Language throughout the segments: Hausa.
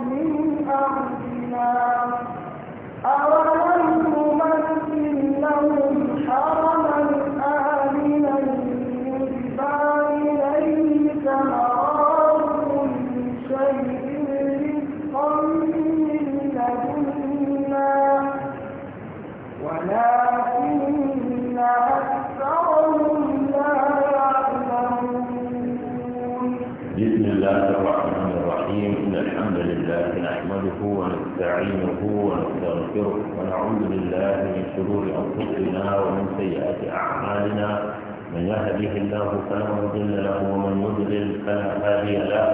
من أرضنا أولم فلا مضل له ومن يضلل فلا هادي له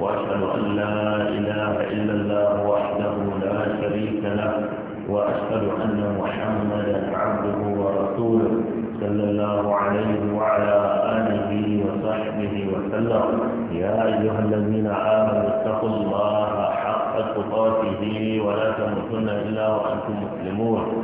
وأشهد أن لا إله إلا الله وحده لا شريك له وأشهد أن محمدا عبده ورسوله صلى الله عليه وعلى آله وصحبه وسلم يا أيها الذين آمنوا اتقوا الله حق تقاته ولا تموتن إلا وأنتم مسلمون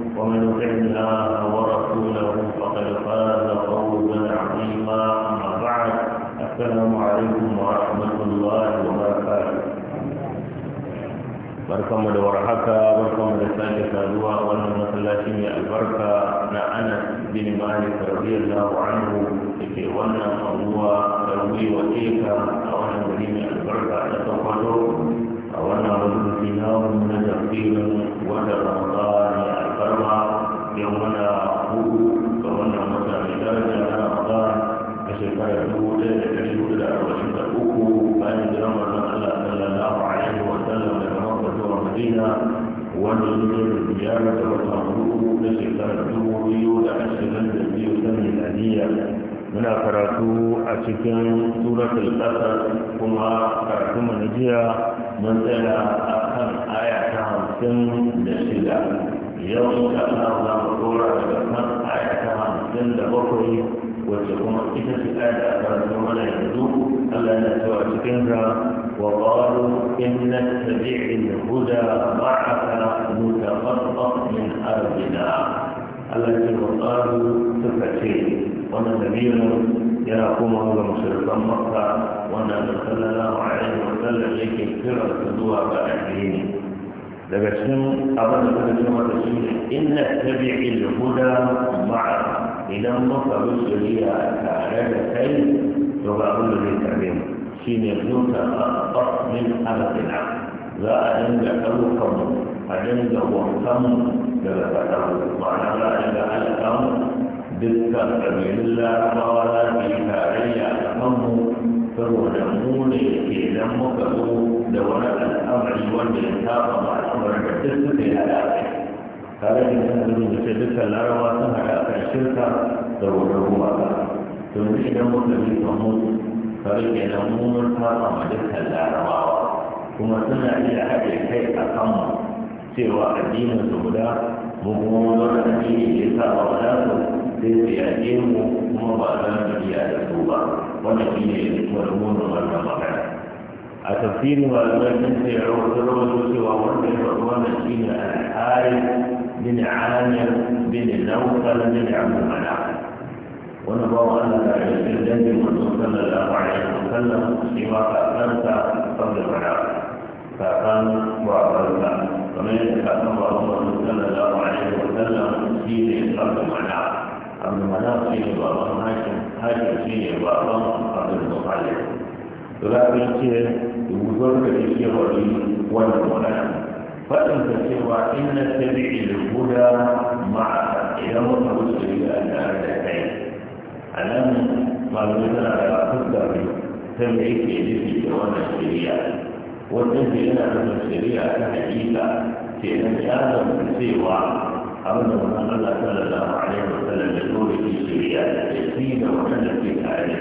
ومن يطع الله ورسوله فقد فاز فوزا عظيما اما بعد السلام عليكم ورحمه الله وبركاته barkanmu da warhaka barkanmu da sake saduwa wannan masallaci mai albarka na anas bin malik radiyallahu anhu da ke wannan abuwa da wa eka a wannan gari mai albarka na sakwato wannan rukunin shi na wani na jarfinin wanda ramata ne a karba ya wanda hudu ga wannan mutane daraja na ramata a shekara dubu ɗaya da ɗari hudu da arba'in da uku bayan jira mazan allah sallallahu alaihi wa sallam daga makka zuwa madina wanda su zo da biyar da wata hudu na shekara dubu biyu da ashirin da biyu ta miladiyya muna karatu a cikin suratul qasas kuma karatu mu na mun tsaya a kan aya ta hamsin da shida yau insha Allah za mu dora daga kan aya ta hamsin da bakwai wacce kuma ita ce aya da karatu mana yanzu Allah ya ce a cikin ra wa qalu inna tabi'il huda ma'aka mutaqatta min ardina Allah ya ce wa qalu suka ce wannan lamirin yana kuma ga musulman makka wanda da sallallahu alaihi wa sallam yake kira zuwa ga addini daga cikin abin da suka ce mata shi ne inna tabi'il huda ma'a idan muka bi shari'a tare da kai to ga abin da zai tare mu shine zuwa ta min alatina za a dinga ɗaukar mu a dinga wankan daga faɗa ma'ana za a dinga alaƙa dukkan ƙabilun larabawa za su yi tarayya a kanmu saboda mu ne ke nan muka zo da wani al'amari wanda ya saba ma al'amarin da duk suka yi haɗa kai tare da kan zuwa mace dukkan larabawa sun haɗa kan shirka saboda ruwa ba to ni idan muka bi kan mu tare da nan mu saba ma dukkan larabawa kuma suna iya haɗe kai a kanmu cewa addinin su guda mu kuma mun zo da addini ya saba wa nasu ليتيأتيه مضى لم يأتوا ونبيه يكون والمغفرة a tafsirin malamai sun ce rawar rawato cewa wannan wannan shi ne al'ari bin amir bin naukal bin amumana wani bawa ana da rikin dangin mutum sallallahu alaihi wa sallam shi ma kakansa sabbin mana kakan babansa kamar yadda kakan babansa sallallahu alaihi wa sallam shi ne sabbin mana abu mana shi ne baban hakim hakim shi ne baban abin muhalli to za ka ce rubutun ka ne ke wani wannan magana faɗin ka cewa in na tabi ilhuda ma'a idan wata wuce da yi tare da kai a nan malamai tana da fuska ne ta me yake nufi da wannan shari'a wannan ke yana nufin shari'a ta hakika ke nan ya zama cewa abin da wannan Allah ta lalata a arewa da tsallar da dole ke shirya da ke da wannan da ke tare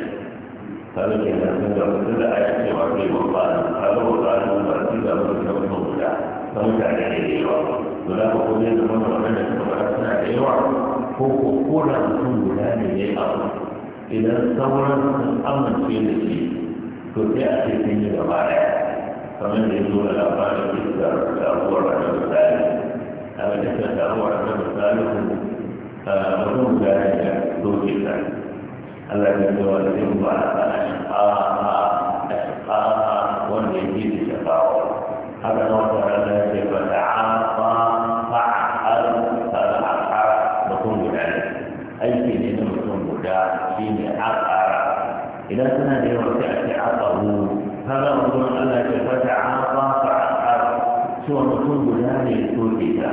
ta da ke nan sun da a yi cewa ke babba da tsaro a tsarin wani da wani da wani guda ta wuta da ke da yawa guda ko kuma yadda wani wannan da suka suna da yawa ko ko kona mutum guda ne ne a idan sauran sun amince da shi to sai a ce sun yi gaba daya da ya zo da labarin da ke da rasuwar rasuwar da ke da ليس له على مثاله وهم ذلك توجد الذي هو الذنب أشقاها أشقاها والذي بشقاوة هذا هو الذي فتعاطى فعل فعقر وهم ذلك أي شيء ينمتم بدا شيء عقر إذا كان يوم تأتي عقره هذا هو cewa mutum guda ne ya soke ta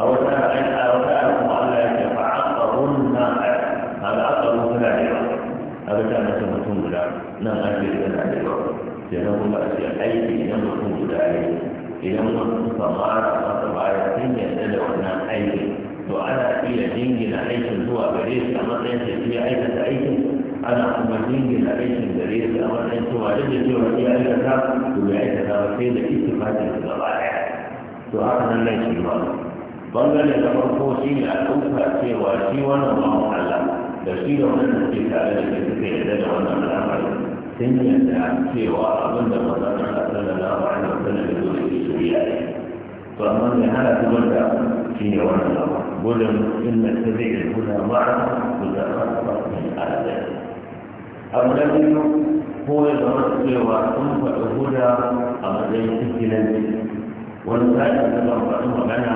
a wata ra'ayin a wata ra'ayin kuma Allah ya ce fa aqarun na kaga aqarun suna da yawa kaga ta mace mutum guda nan ake suna da yawa kenan kuma a ce aiki idan mutum guda ne idan mutum samu a masa baya sun yarda da wannan aiki to ana iya jingina aikin zuwa gare shi a matsayin shi ya aikata aikin ana kuma jingina aikin gare shi a matsayin cewa duk da cewa ya aikata to ya aikata ba sai da ittifaqin gaba daya to haka nan nan shi ba bangare da farko shi ne a ɗauka cewa shi wannan mu Allah da shi da wannan ke tare da shi suka yarda da wannan al'amari sun yarda cewa abin da manzon Allah sallallahu alaihi wasallam ya zo da shi ya ne to amma mai hana zubar da shi ne wannan abu gudun inna tabi'il huda ma'a mutafarrafa min al'ada abu da biyu ko ya zama cewa sun faɗi guda a matsayin cikin wani sa'in da ba faɗi magana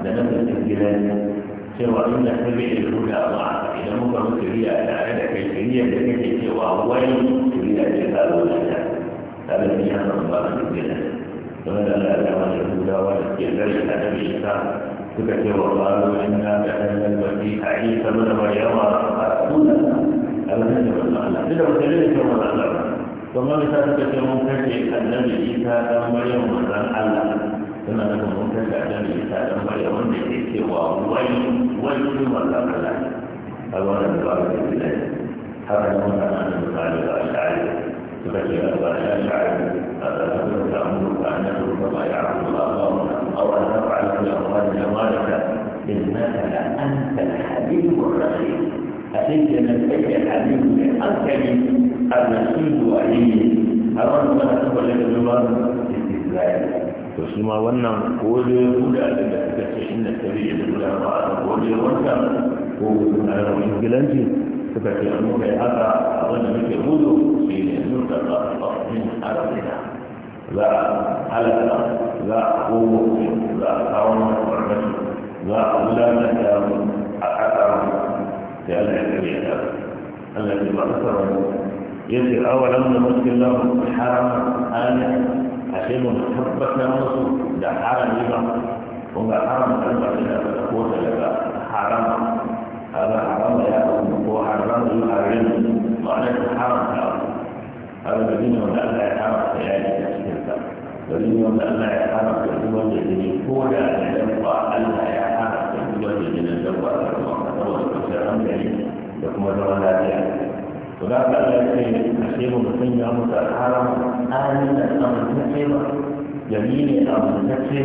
da na fitin gidan cewa da ta bi da huda ba idan muka bi shari'a tare da kai shari'a da kake cewa wai shari'a ce ta zo da ta tare da yana ba da gidan don da Allah da wani hudawa da ke zai ta da bi ta suka ce wa ƙwaro inna da ta da baki a yi sama da maryama a kuna alhaji wa ta'ala duk da wata ne ce wa Allah to ma ta suka ce mun kace annabi Isa dan maryam manzon Allah كما أنه ممتد أعلم الإسالة ويوم الإسوى وين وين ولقى لك أولا نقال في الله هذا هو أن نقال الأشعار تفكر الأشعار هذا هو الأمر أن نقول ما يعرف الله أو أن نفعل في أموال جمالك إنك أنت الحبيب الرشيد أتيت من أي الحبيب الأكبر المسؤول وعيد أرى أن نقول لك في استثنائي فسما ونم كودي ولا تكتشن التبيع كودي ونم كودي ونم كودي فبكي أموك أبا أظن بك هدو في نورك الله من أرضنا لا حلقة لا قوة لا قوم ورمة لا أولا نتام أكثر في الحكرية التي مأثر يدر أولا من مسك الله الحرم آمين sai mun tabbatar musu da harami ba kun ga haram kalmar da ta ko ta daga haram kaga haram ya ko haram yi haram ma'ana ta haram ta kaga da dinin wanda Allah ya haramta ya yi a cikin sa da dinin wanda Allah ya haramta zubar da jini ko da da dabba Allah ya haramta zubar da jinin dabba da kuma saboda kwanciyar hankali da kuma zaman lafiya to da Allah ya ce a ce mu mutum ya mutu haram amin da amintacce ba gari ne amintacce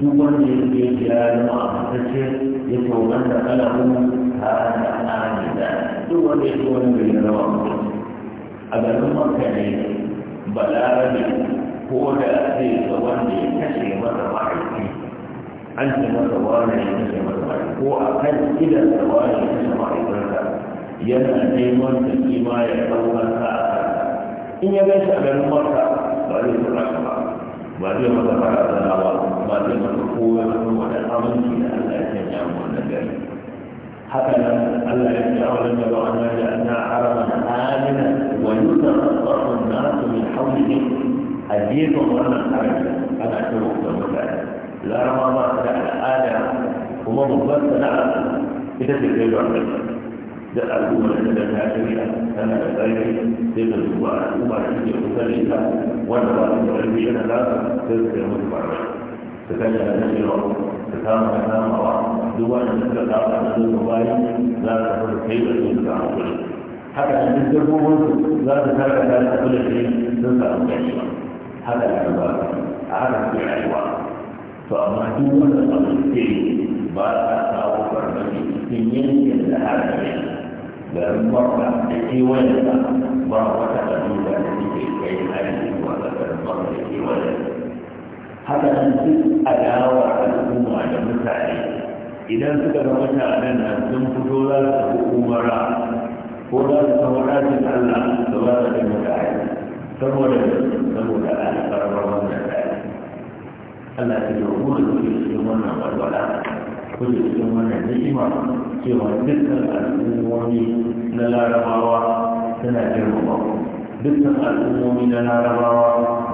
duk wanda ya ke ya yi amintacce ya ce wanda ana mun ta da amin da duk wanda ya ce wanda ya zama amintacce a garin maka ne balarabe ko da zai ga wanda ya kashe masa mahaifi an ce masa wani ya kashe masa mahaifi ko a kan idan da wani ya kashe mahaifinsa yana neman da kima ya ɗaukar ta in ya gaisa a garin maka ba zai tura ka ba ba zai masa fara da ba ba zai masa kowa wani aminci da Allah ya canja mu wannan gari haka nan Allah ya ce a wannan ba an ya ana na amina wa yusa tsarkon nasu min haulihim a gefen wannan harami ana ciro da mutane larama larabawa da al'ada kuma babbar sana'a ita ce kai da wannan da al'ummar da ta shirya tana da ƙarfi sai ta zuwa al'ummar da ke kusa da ita wanda ba su da ƙarfi yana da sai su kai musu barna su kashe da kashewa su kama da kamawa duk wanda suka kama da su bayan za su fara kai da su da hankali haka da duk dabbobin za su tara da su da shi sun samu kashewa haka da ba a haka su rayuwa to amma duk wanda ba su ke ba a kawo farmaki cikin yankin da haka yanzu للمرأة لإيوانها مرة قبيلة التي كي هذه وتتمر لإيوانها حتى أن تسأل وعلموا على مساعدة إذا سكت مشاعرنا تنفذوا لا أمراء ولا تصورات الله سواء المساعدة فمولا فمولا أهل قرر الله تعالى ألا تدعون في السمنة والولاء kuke cikin wannan ni'ima cewa dukkan al'ummomi na larabawa suna girmama dukkan al'ummomi na larabawa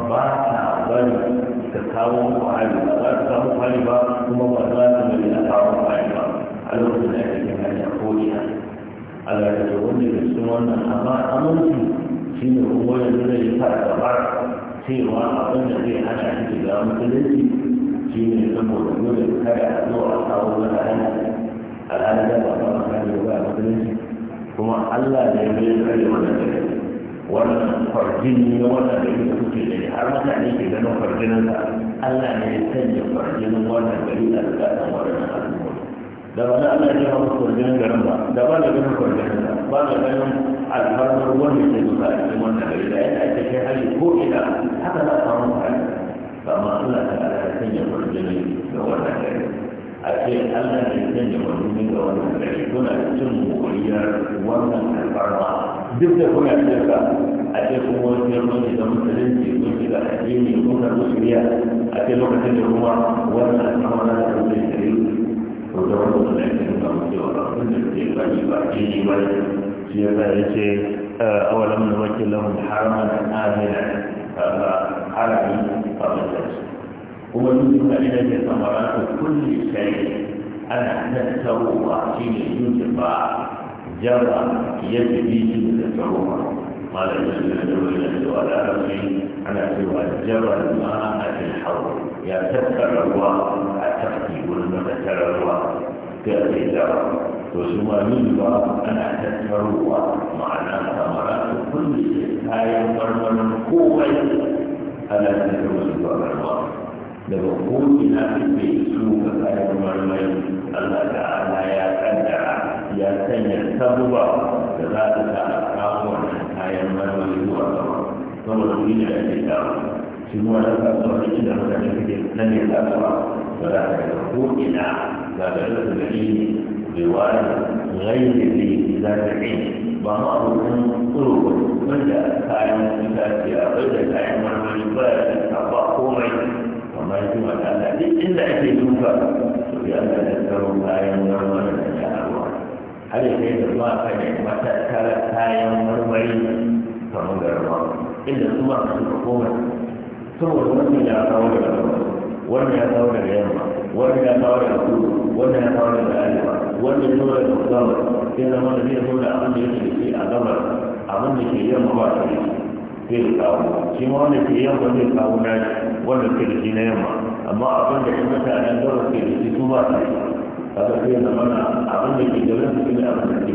ba ta bari ta kawo kwari ba ta kawo kwari ba kuma ba za ta bari ta kawo kwari ba a lokacin da ake cikin hanya ko ina a gargaje wanda ke cikin wannan amma aminci shi ne kuma yanzu zai yi sa gaba cewa abin da zai hana shi shiga musulunci shine saboda gudun kada a zo a kawo na alhali alhali da ba fara kare ba a musulunci kuma Allah ne mai kare wannan da wannan farjini na wannan da yake kuke da har mutane ke ganin farjinin sa Allah ne ya sanya farjinin wannan gari a tsakanin wannan al'umma da ba Allah ya ba farjinin garin ba da ba da ganin farjinin sa ba da ganin alfarmar wanda ke zuwa a cikin wannan gari da yadda ake kai hali ko ina haka za a samu farjinin kama Allah ta ala ta sanya kwarjini ga wannan gari a ce Allah ne sanya kwarjini ga wannan gari kuna cin moriyar wannan duk da kuna shirka a ce kuma wani ne da musulunci kun shiga addini kun na shirya a ce lokacin da kuma wannan alfarma da kuma shirya to da wannan da ke nuna cewa abin da ke bani ba ke yi ba shi ya sa ya awalam da wakilahun haramun حرمي فضلت هو يوجد إلى ثمرات كل شيء أنا نذكرها حين يوجب جرى يجري من تذكرها قال جل الى وعلى ربي أنا سوى جرى الماء في الحوض يا تذكر الله أتقي والمتكر الله sai a yi dawa to su ma ba ana tattarowa ma'ana samara da kulle kayan marmarin kowai ana tattarowa su ba marmarin daga ko'ina ake su ga kayan marmari allah da ala ya kaddara ya sanya sabuwa da za ta sa a kawo wannan kayan marmari zuwa sama saboda kuɗi da ake dawa shi ma na kasuwa da inda mutane suke nan ne kasuwa ba za ta daga ko'ina تابعية العلم رواية غير ذي ذات عين بعضهم طرق بدا كائن كتابيا بدا كائن من بدا أبا قومي وما يتم الآن إلا أن في لأن تذكر كائن مرمي هل يجب الله أن يتمتع كائن مرمي فمن غير الله إلا ثم تقوم ثم تقوم إلى قول الله وأن يقول اليمن wannan ya kawo da kudu wannan ya kawo da arewa wanda ya kawo da gabar sai zama da zai zo da abin da yake ke a gabar abin da ke yamma ba ta yi zai kawo shi ma wanda ke yamma zai kawo na wanda ke da shi na yamma amma abin da kuma ta nan gabar ke da shi su ba ta yi kaga sai zama na abin da ke gaban su ne abin da ke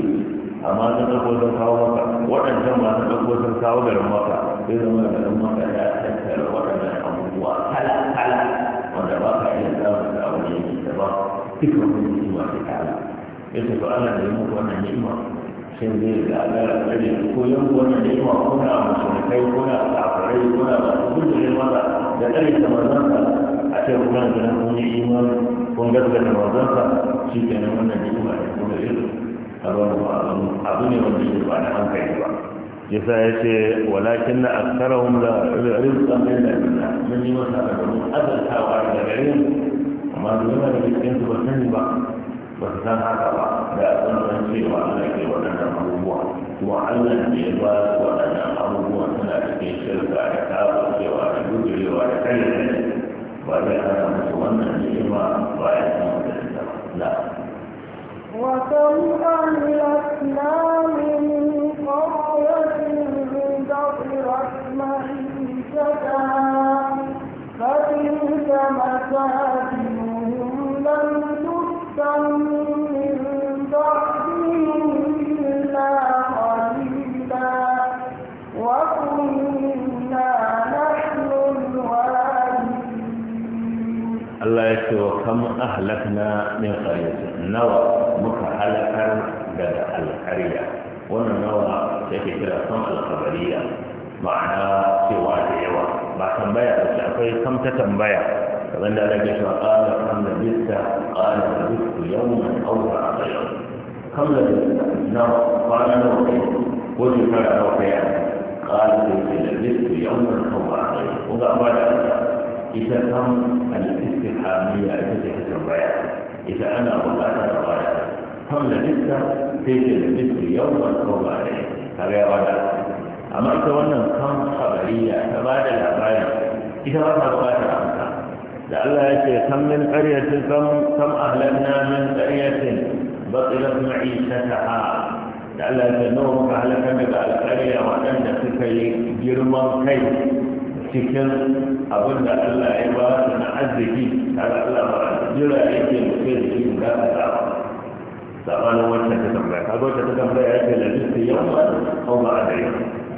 amma ta ɗauko sun kawo maka waɗancan masu ɗauko sun kawo garin maka sai zama da garin maka ya tattara waɗannan abubuwa kala kala wanda ba ka iya samun duk wani ni'ima ta ta'ala ya ce to Allah da ya muku wannan ni'ima sai zai da agara tsare ko yan wannan ni'ima ko na musulmai ko na kafirai ko na masu gudunai maza da tsare ta manzansa a ce kuma da nan kun yi imani kun gaskata manzansa shi ke nan wannan ni'ima da kuma irin a ruwan abu ne wanda ya ba na hankali ba yasa ya ce walakin na aksarahum la rizqan da Allah mun yi masa da mun azantawa daga garin amma da yawa da cikin su ba sani ba ba su san haka ba da tsanan cewa Allah ke waɗannan abubuwa kuma Allah ne ya ba su waɗannan abubuwa suna cikin shirka da kafacewa da gudurewa da karyar ba zai hana musu wannan ni'ima ba ya san da ita ba. وكم أهلكنا أم أهلكنا من قرية نوى مكحلكا لدى القرية ومن نوى شكي كلا سمع الخبرية معنى سوى جيوى ما تنبيع الشعفي كم تتنبيع فمن لا لقش وقال كم لبست قال لبست يوما أو بعض كم لبست نوى قال نوى قلت فلا نوى قال لبست يوما أو بعض وقال بعض ita kan al hamiya ita ce ta tambaya ita ana bukata da baya kan da dukka sai ce da dukka yau ba ko ba ne kaga ya wada amma ita wannan kan habariya ta ba da labari ita ba ta bukata amsa da Allah ya ce kan min qaryatin kam kan ahlanna min qaryatin batilat ha da Allah ya ce nawa muka halaka daga alƙarya waɗanda suka yi girman kai cikin abin da Allah ya ba da na arziki ta da Allah ba jira ke mutum da shi da ta samu sabanin wancan ta tambaya ta zo ta tambaya ya ke da duk yau ba ko ba a dare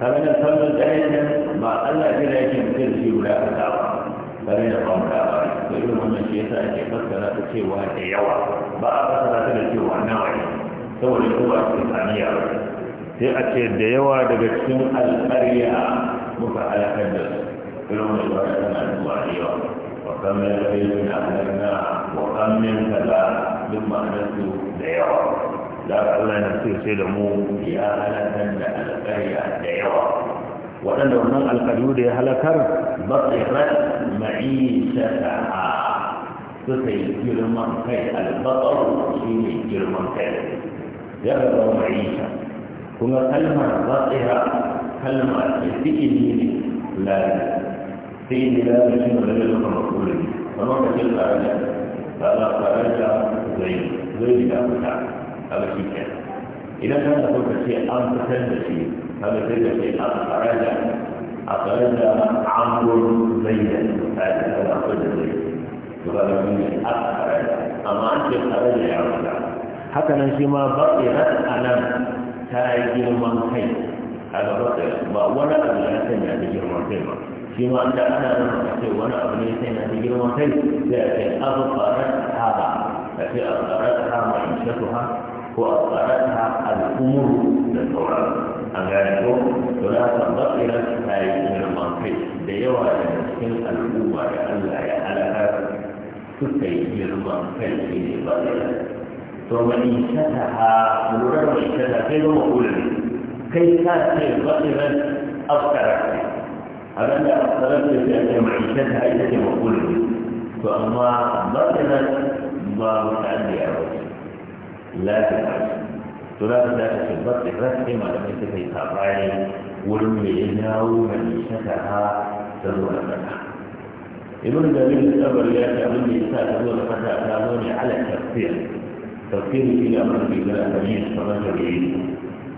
ta ga nan sallar ɗayan ne ba Allah jira ke mutum da shi guda ka ba. kare da bauta ba da irin wannan shi yasa ake fassara ta cewa da yawa ba a fassara ta da cewa nawa ne saboda ko ba a cikin saniya ba sai a ce da yawa daga cikin alƙarya muka alaƙar da su يوم الوحيد الوحيد وكم من بيت أهلنا وكم من كذا ثم أهلته ديرا لا أقول أن نصير سلمو يا أهلنا ألقيا ديرا وأن هناك القيود هلكر بطرت معيشتها تسي جرمان كي البطر شيني جرمان كي يبقى معيشة كما كلمة بطرها كلمة تسيني لا سيدنا لا رضي الله المقبول فما كتب على فلا فرجع زيد زيد لا بتاع هذا شيء كان إذا كان هناك شيء أن تسلم شيء هذا سيد شيء أن فرجع أخرج عمرو زيدا هذا هذا أخرج زيد وهذا من أخرج أما أنت فرجع يا رب حتى نسمع بقية أنا تاجر من خير هذا بقية ولا أنا سمعت جرمان خير shi ma an da ana nan a ce wani abu ne sai na ta girma kai sai a ce abu farat haba a ce abu farat haba in shatu ha ko abu farat ha al'umuru da sauran a gane ko to da haka bakiran ta yi girma kai da yawa daga cikin al'umma da allah ya halakar suka yi girma kai shi ne bakiran ومن شتها مرر من شتها غير مقول كيف تغيرا أفكرت على أن أصدرت بأن معيشتها إذا مقبولة فأما ضرنا الله تعالى أرواح لا تفعل تراب لا في ضرب الرسل ما لم يتفعل طبعي ولمعنا ومعيشتها تدور فتح إذن دليل الأمر لا تعلم إنساء تدور فتح تعلمني على التفصيل تفصيل في الأمر في ذلك الثمين فمجر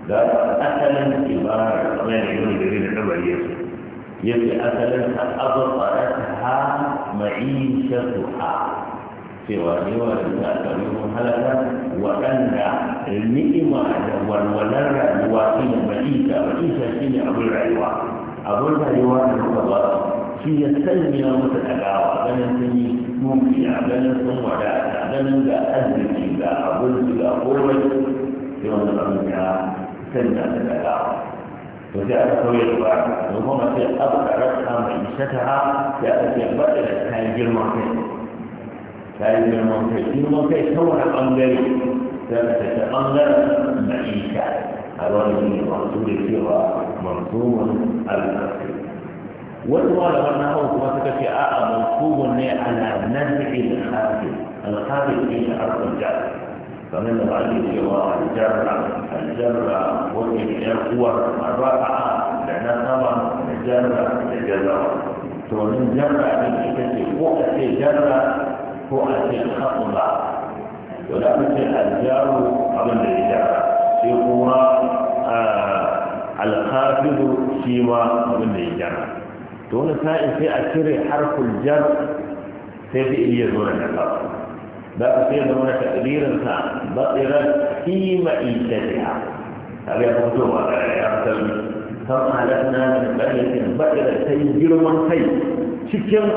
لا أسلم إبارة غير يوم دليل الأمر يسوع yake asalin ta azfarataha ma'ishatuha cewa yawa da ta mun halaka waɗanda ni'ima da walwalar rayuwa shi ne ma'isha ma'isha shi ne abin rayuwa abin rayuwa da muka ba shi ya sanya musu ɗagawa ganin sun yi mukiya ganin sun wadata ganin ga arziki ga abin ga komai sai wani abin ya sanya su ɗagawa وجاءت قوية بعد ربما في أبقرتها معيشتها جاءت بدلت كان جرمان مرتين كان جرمان كيس جرمان كيس هو مرتين ثابتة أنجل معيشة أراد من المقصود سوى منصوب الأصل والوالد أنه وثبت في آه منصوب على نزع الخافي الخافي في أرض الجاهل kamar da ake cewa aljarra aljarra wani yan uwar ra'a da na nasaba da jarra da jarra to ni jarra ne ita ce ko a ce jarra ko a ce haƙula to da aka ce aljaru abin da ya jarra sai kuma alhafizu shi ma abin da ya jarra to wani sa'in sai a cire harkul jar sai fi iya zo da nasaba za ka sai zama na takbirinsa batsirar kima idattiha abin ya fito ba a ya fitar kan halatta min ƙaryatin batsirar ta yi girman kai cikin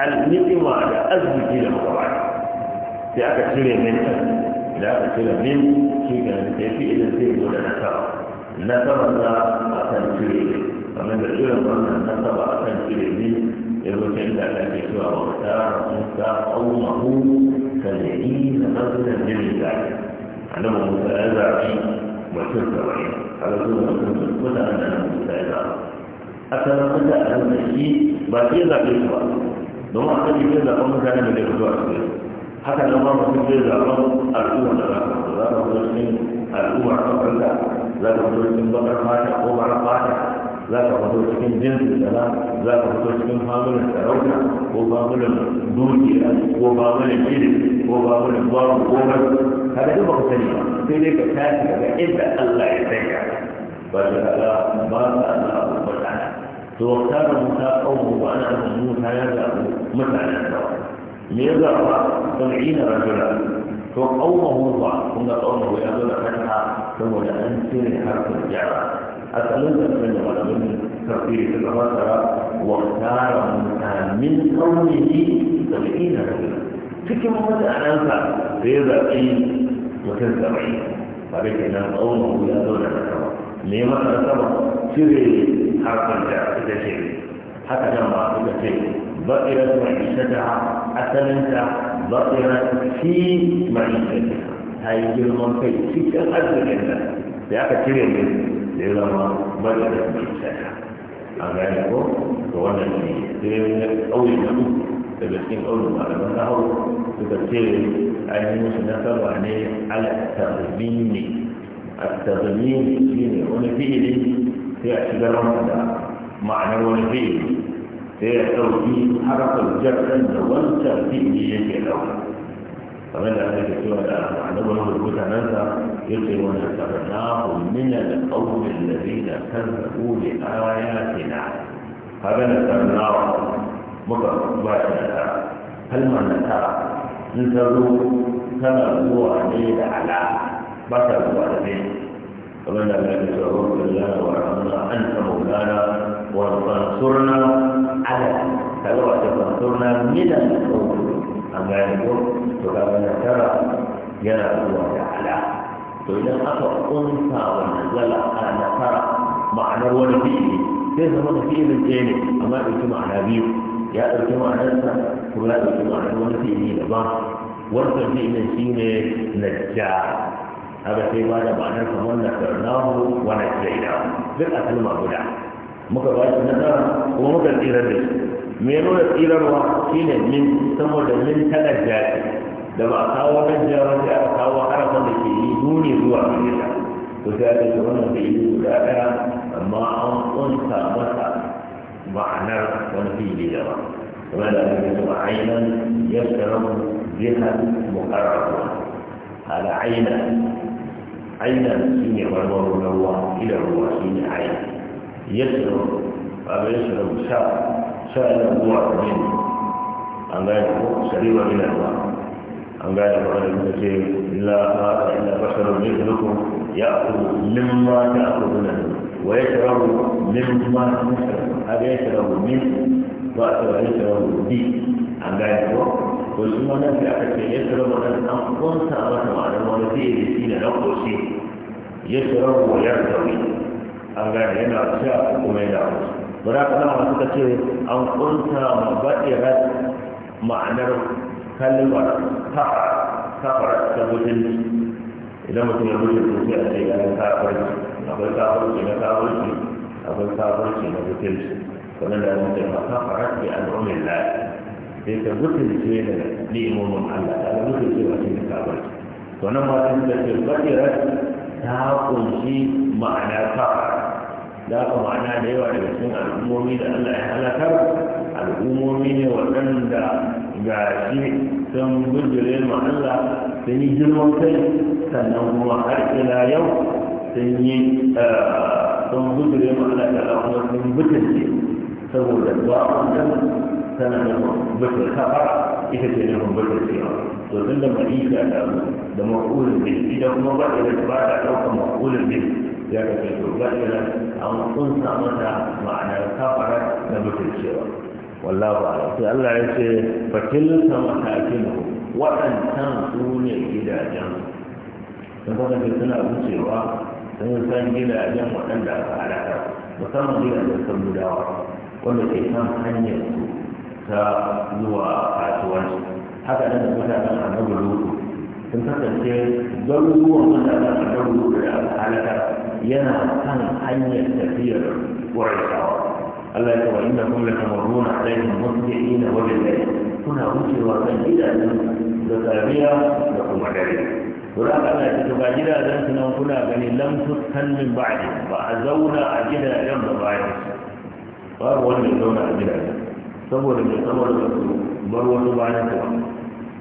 al'ni'ima da arziki da makawai sai aka cire min da aka cire min shi ga tafi idan zai zo da nasara nasara za a kan cire kamar da irin wannan nasara a kan cire min ya zo ta inda ake cewa wa ta rasu ta ƙaunahu sab'ina rajulan min rijali annabi Musa ya zabi mutum a kaga su ne mutum mutanen da annabi Musa ya zabi akan a da shi ba sai zabe su ba don a kan yi zaɓen mutanen da zai fito a cikin haka nan ma mutum zai zaɓen al'umma da za ka za ka fito cikin al'umma ta kanta za ka cikin bakar fata ko fata za ka fito cikin jinsin kaza za ka fito cikin familin sarauta ko familin dukiya ko familin iri ko familin babu ko ba ka ga duka sani ba sai dai ka tashi daga inda Allah ya sanya ba da kaga ba ka Allah ba ta to ta ga musa kawo ba ana da musa ya ga mutane da me ya zaba sab'ina rajula to qawmuhu ba kun ga qawmuhu ya zo da kanta saboda an cire harkar gyara. asalin da sun da malamin tafsiri suka masara wa tara mutamin kaunihi da ina cikin mutanensa da ya zaɓi mutum saba'in ba da ke nan tsawon ya zauna da sama me ya masa sama cire harkar da ita ce haka nan ma suka ce ba'irar ma'aikata asalinta ba'irar fi ma'aikata ta yi girman kai cikin arzikin da ya ka cire ne ya zama bada da bisaya a gane ko ga wannan shi sai ya ƙauye na uku daga cikin ƙauye malaman na hau suka ce ainihin musu nasaba ne al-tarbini al-tarbini shi ne wani fi'ili sai a shigar masa da ma'anar wani fi'ili sai ya ɗauki harafin jarɗin da wancan fi'ili yake ɗauka فبدا ذلك سوره عدمه المتنازع يلقي ونسبناه من القوم الذين كذبوا باياتنا هذا نسبناه مباشره هل ما نسى نسبوا كما هو عليه على بشر الوالدين فبدا ذلك سوره الله وارحمنا انت مولانا وانصرنا على تلوات فانصرنا من القوم an gane ko to ga tara yana zuwa da ala to idan aka kunsa wa zala a nasara ma'anar wani fi'ili sai zama da fi'ilin ɗaya ne amma ɗauki ma'ana biyu ya ɗauki ma'anarsa kuma ya ɗauki ma'anar wani fi'ili daban wannan fi'ilin shi ne haka sai ba da ma'anar kamar na sarnahu wa najjainahu duk a kalma guda muka ba shi nasara kuma muka tsirar da shi me nuna tsirarwa shine min saboda min tana jafi da ba a kawo rajja wanda aka kawo harafin da ke yi nuni zuwa gare ta to sai aka ce wannan bai yi guda ɗaya amma an kunta masa ma'anar wani fili da ba kuma da aka ce ba ainihin ya shirabu bihan mukarrabuwa ala aina aina shine warwaro na ruwa idan ruwa shine aina يسلم أو يسلم شاء شاء الله منه أن لا سليم من الله أن لا يكون لا هذا إلا بشر مثلكم يأكل مما تأكلون منه ويشرب مما تشرب هذا يشرب من وأكل يشرب به أن لا يكون والسنة التي أكدت يشرب أن أنقلت أمام على المولدين الذين نقلوا يشرب ويرتوي an gane yana sha kuma yana wasu ba za ka zama suka ce an kunta mabaɗirar ma'anar kalmar kafar ta mutunci idan mutum ya mutu sai a ce kafar kafarci akwai kafar kafarci na kafarci akwai kafar kafarci na mutunci kamar da mutum ba kafarar ke al'ummar lafiya sai ka mutunce da ni'imomin Allah ta da mutunce wa cikin kafar to nan ma sun da ce badirar ta kunshi ma'ana kafa da haka ma'ana da yawa daga cikin al'ummomi da Allah ya halakar al'ummomi ne waɗanda ga shi sun bujire ma Allah sun yi girman kai sannan kuma har ila yau sun yi sun bujire ma Allah ta kuma sun butulce saboda ba wannan sanannin butul kafara ita ce ne mun butulcewa to tun da ma'isha da ma'ulun bin idan kuma ba da ba da ɗaukar ma'ulun bin ya ga ce gajira an samu da ma'anar kafara da mutuncewa wallahu ala sai Allah ya ce fatilka matakin waɗancan su ne gidajen sun kasance suna wucewa sun san gidajen waɗanda aka halaka musamman gidajen samudawa wanda ke kan hanyar su ta zuwa kasuwanci haka nan da mutanen annabi lutu sun kasance garuruwan mutanen annabi lutu da aka halaka yana kan hanyar tafiyar ƙuraishawa Allah ya wa inna kullu tamurrun ina wajen da ya kuna wucewa kan gidajen da tsariya da kuma dare Kura ka Allah cikin ba gidajen su nan kuna gani lam kallin min ba a zauna a gidajen ba bayan babu wanda ya zauna a gidajen saboda mai da su bar wasu bayan su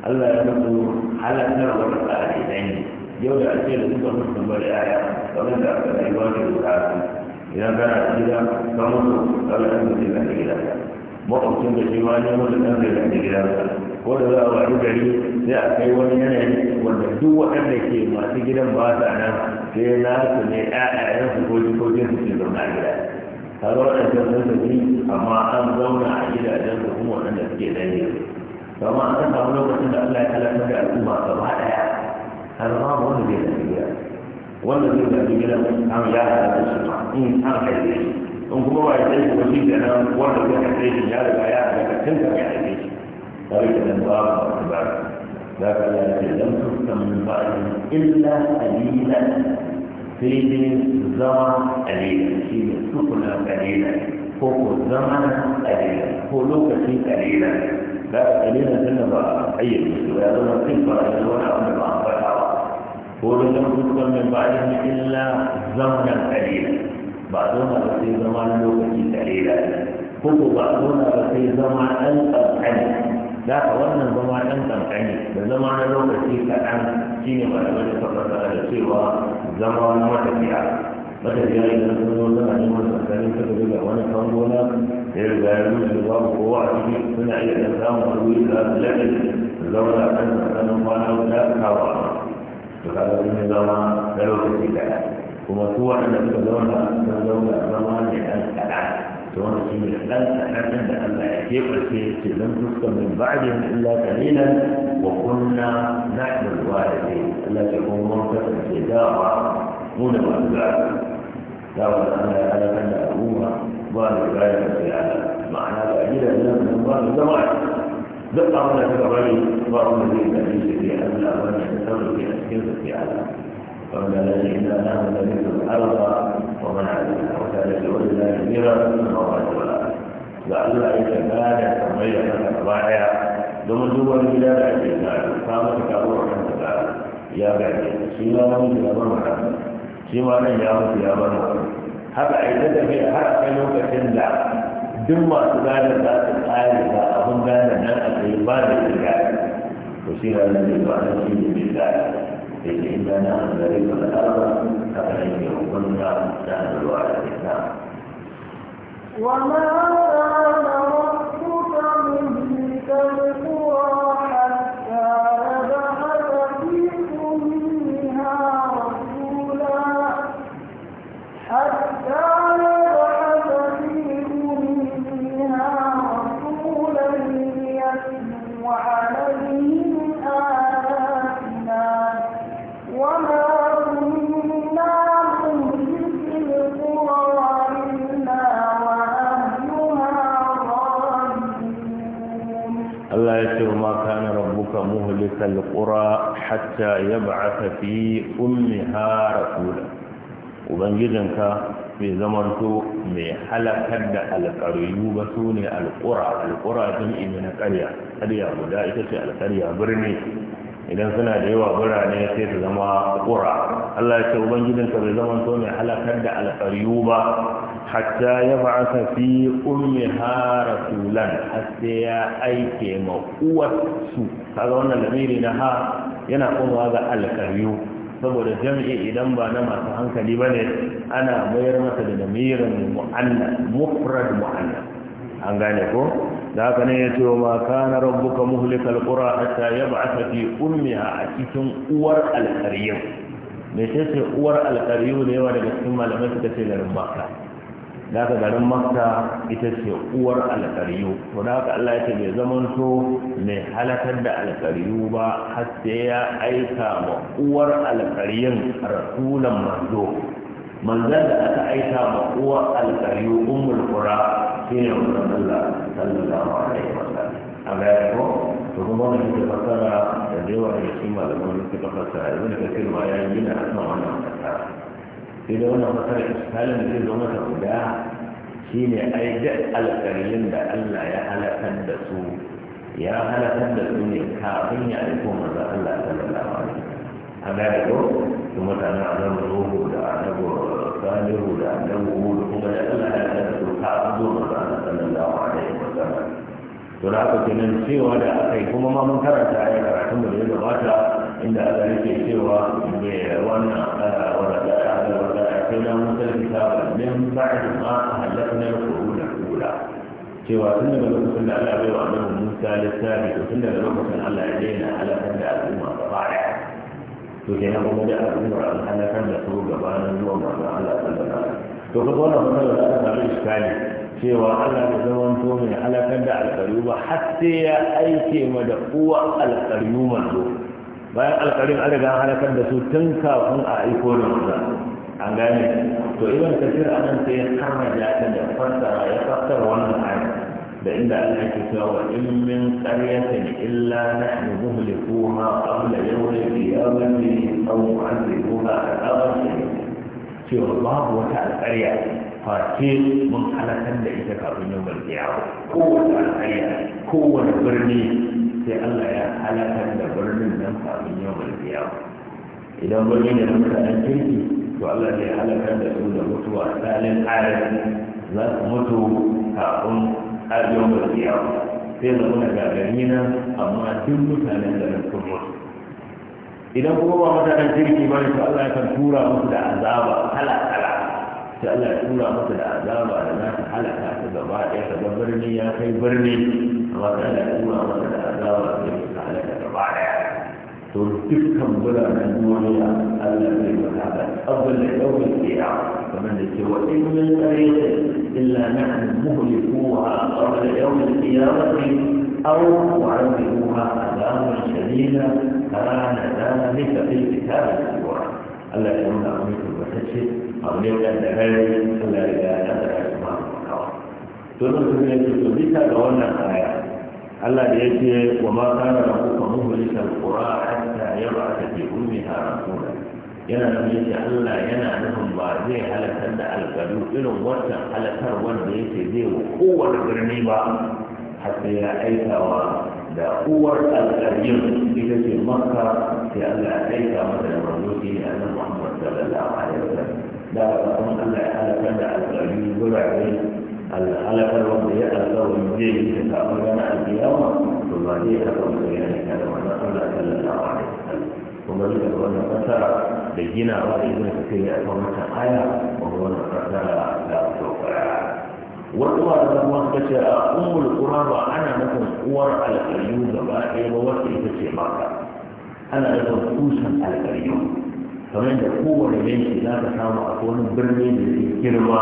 Allah ya kasu halakar wata tsari dangi yau da ake da suka mutu bari yaya kamar da aka yi wani bukatu idan kana gida ka mutu kawai an mutu na gida makwabcin da shi ma ne wanda ɗan zai da gida ko da za a wani gari sai a kai wani yanayi wanda duk waɗanda ke masu gidan ba sa nan sai na su ne ƴaƴayensu ko jikokin su ke zauna a gida kaga waɗancan sun tafi amma an zauna a gidajen su kuma waɗanda suke dangi kama an samu lokacin da Allah ya talata da al'umma gaba ɗaya هذا ما هو الذي يدعي والذي يدعي له أم هذا السلطان إن أم حديث إن كما يدعي وزيد أنا والذي يدعي هذا الآيات لك تنتبع كذلك ذلك الأنبار والأخبار ذاك الذي لم تفتن من بعدهم إلا قليلا في الزمن قليلا في السفن قليلا فوق الزمن قليلا فوق قليلا لا قليلا سنة أي مثل هذا ما تنفع ولا أمر ولم يكن من بعدهم إلا زمنا قليلا بعضنا بسي زمان لوكتي قليلا كنت بعضنا بسي زمان الأبعد لا أولنا زمان أنت أبعد بزمان لوكتي كأن شيني ما لبدا فقط على سوى زمان متفيا متفيا إذا كنت زمان يوم الثاني كتبه وأنا كنت يرجع يجوز نظام قواته من أي أسام وتويل أبلغ زولا أن أنا ما لا أتابع to kaga sun zama na lokaci kaɗan kuma su waɗanda suka zauna sun zauna zama ne ɗan kaɗan to wani shi ne ɗan kaɗan da Allah ya keɓarce ce don fuska min ba'adin illa kalilan wa kunna na'ibul walidai Allah ce kuma mun kasance dawa mu da masu gado dawa da Allah ya halakar da al'umma ba da gado da sai Allah ma'ana ga gidan nan ba da zama duk abin da suka bari ba wanda zai gani shi sai Allah ba da sauran ke a cikin su sai Allah wanda la shi ina na da ne da arba wa man ala wa ta da wani da mira ma wa ta wala ga Allah ya ga da kamar ya ka gaba daya domin duk wani gida da ake da ta mata a kan ta ya ga shi ma wani da ba mata shi ma nan ya mutu ya bar haka ai ta tafiya har a kai lokacin da duk masu gane za su kare ba abin gane nan a kai ba da ke gane to shi na nan ne ba na shi ne mai gane da ke inda na an gare ba da arba ta kan yi hukunta da alwa da ke na. وما كان تلك القرى حتى يبعث في أمها رسولا وبنجدنك في زمنتو mai halakar da alƙaryu ba su ne alƙura alƙura sun ime na ƙarya ƙarya guda ita ce alƙarya birni idan suna da yawa birane sai su zama ƙura allah ce ubangijinka bai zama mai halakar da alƙaryu ba hatta ya ba'asa fi ummi ha rasulan har sai ya aike ma uwarsu kaga wannan lamiri na ha yana komawa ga alkaryu saboda jam'i idan ba na masu hankali ba ne ana mayar masa da lamirin mu'annas mufrad mu'annas an gane ko da haka ne ya ce wa ma kana rabbuka muhlikal qura hatta yab'atha fi ummiha a cikin uwar alkaryu me sai uwar alkaryu ne yawa daga cikin malamai suka ce garin baka. da ka garin makta ita ce uwar alƙaryu to da haka Allah ya ce bai zaman so mai halakar da alƙaryu ba har sai ya aika ma uwar alƙaryun rasulan manzo manzan da aka aika ma uwar alƙaryu ummul kura shine wannan Allah sallallahu alaihi wasallam a ga ko to kuma wannan ita fasara da yawa da shi malaman suka fasara da kathir ma ya yi na akan wannan fasara sai da wannan matsalar iskalin da zai zama ta guda shi ne ai duk alƙarilin da allah ya halakar da su ya halakar da su ne kafin ya aiko manzan allah sallallahu alaihi a gane ko su mutanen annabi ruhu da annabi salihu da annabi da kuma da allah ya halakar da su kafin zuwa manzan allah sallallahu alaihi wasallam to da haka kenan cewa da aka yi kuma ma mun karanta a yi karatun da ya gabata inda allah yake cewa mai wannan آتينا موسى الكتاب من بعد ما أهلكنا القرون الأولى cewa tun daga lokacin da Allah bai wa annabi Musa littafi to tun daga lokacin Allah ya daina halakar da al'umma gaba daya to ke nan kuma da al'umma an halakar da su gabanin zuwa manzo Allah sallallahu alaihi wasallam to kaga wannan matsalar da aka samu iskali cewa Allah ya zama to mai halakar da alƙaryu ba har sai ya aike ma da uwa alƙaryu manzo bayan alƙarin an riga halakar da su tun kafin a aiko da manzo an gane to ibn kasir anan sai ya karma da ta da fassara ya fassara wannan ayat da inda Allah yake cewa wa in min qaryatin illa nahnu muhlikuha qabla yawm al-qiyamati aw mu'adhibuha adhaban cewa babu wata alƙarya ce mun halakar da ita kafin yau ko wata kowace ko kowane birni sai Allah ya halakar da birnin nan kafin yau mai idan idan birni da mutanen kirki to Allah ya halaka da su da mutuwa salin halin za su mutu kafin ajiyar da tsiyawa sai zama na gagari nan amma duk mutanen da sun mutu idan kuma ba mutanen kirki ba ne to Allah ya tura musu da azaba kala kala sai Allah ya tura musu da azaba da za ta halaka su gaba ɗaya ta ga birni ya kai birni amma Allah ya tura musu da azaba da ta halaka gaba ɗaya وتفهم ولا مجموعية الذي وهذا أفضل يوم القيامة فمن وإن من قرية إلا نحن مهلكوها قبل يوم القيامة أو معذبوها عذابا شديدا كان ذلك في الكتاب الكبرى ألا يكون أمريكا المتشد أو لولا الدلالة إلا إذا نزل سبحانه وتعالى تقول لك تقول لك أن الله يجي وما كان ربك مهلك القرى حتى yaba aka ce ummi haramuna yana nufin shi Allah yana nufin ba zai halakar da alƙalu irin wancan halakar wanda yake zai wa kowane birni ba har sai ya wa? da uwar alƙaryun ita ce makka sai Allah ya aika mata da manzo shi ne annabi Muhammad sallallahu alaihi wasallam da kuma Allah ya halakar da alƙaryu gurare alhalakar wanda ya alƙawarin zai yi da kafin gana alƙiyama ba ne a da wannan Allah sallallahu alaihi wasallam kuma da wannan fasara da ginawa da ibn kafir kan wata aya kuma wannan fasara da saukara wasu malaman kuma suka ce a ummul quraba ana nufin uwar alƙaryu gaba ɗaya ba wacce ita ce maka ana nufin kusan alƙaryu kamar da kowane yanki za ka samu a wani birni da ke girma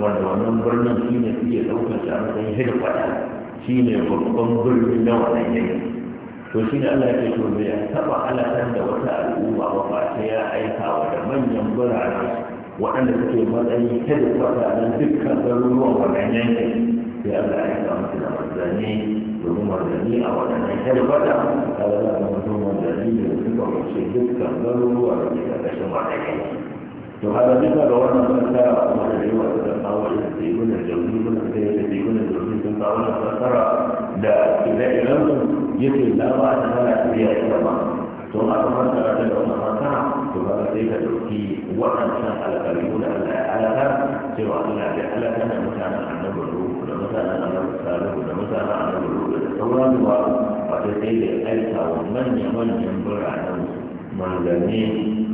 wanda wannan birnin shi ne suke ɗaukar shi a matsayin hidda shi ne babban birni na wannan yanki to shi ne Allah ke tobe ya taba alaƙar da wata al'umma ba ba ta ya aikawa da manyan birane waɗanda suke matsayi ta da kwata na dukkan garuruwan wannan yankin sai Allah ya aika musu da manzanni domin manzanni a waɗannan ta da kwata ta da za a mutu manzanni da suka wuce dukkan garuruwa da ke ƙarƙashin wannan yankin to hada duka ga wannan fassara kuma da yawa da kawo irin da ibn al-jawzi ibn da jawzi ibn al-jawzi bisa wannan fassara da ire-iren su yake lawa ta tana tafiya ita ba to aka fassara da wannan fassara to ba sai ka dauki waɗancan alƙalimu da Allah ya halaka cewa Allah ya halaka da mutanen annabi Nuhu da mutanen annabi Salihu da mutanen annabi Lut da sauran ba wata sai da aika wa manya-manyan biranen manzanni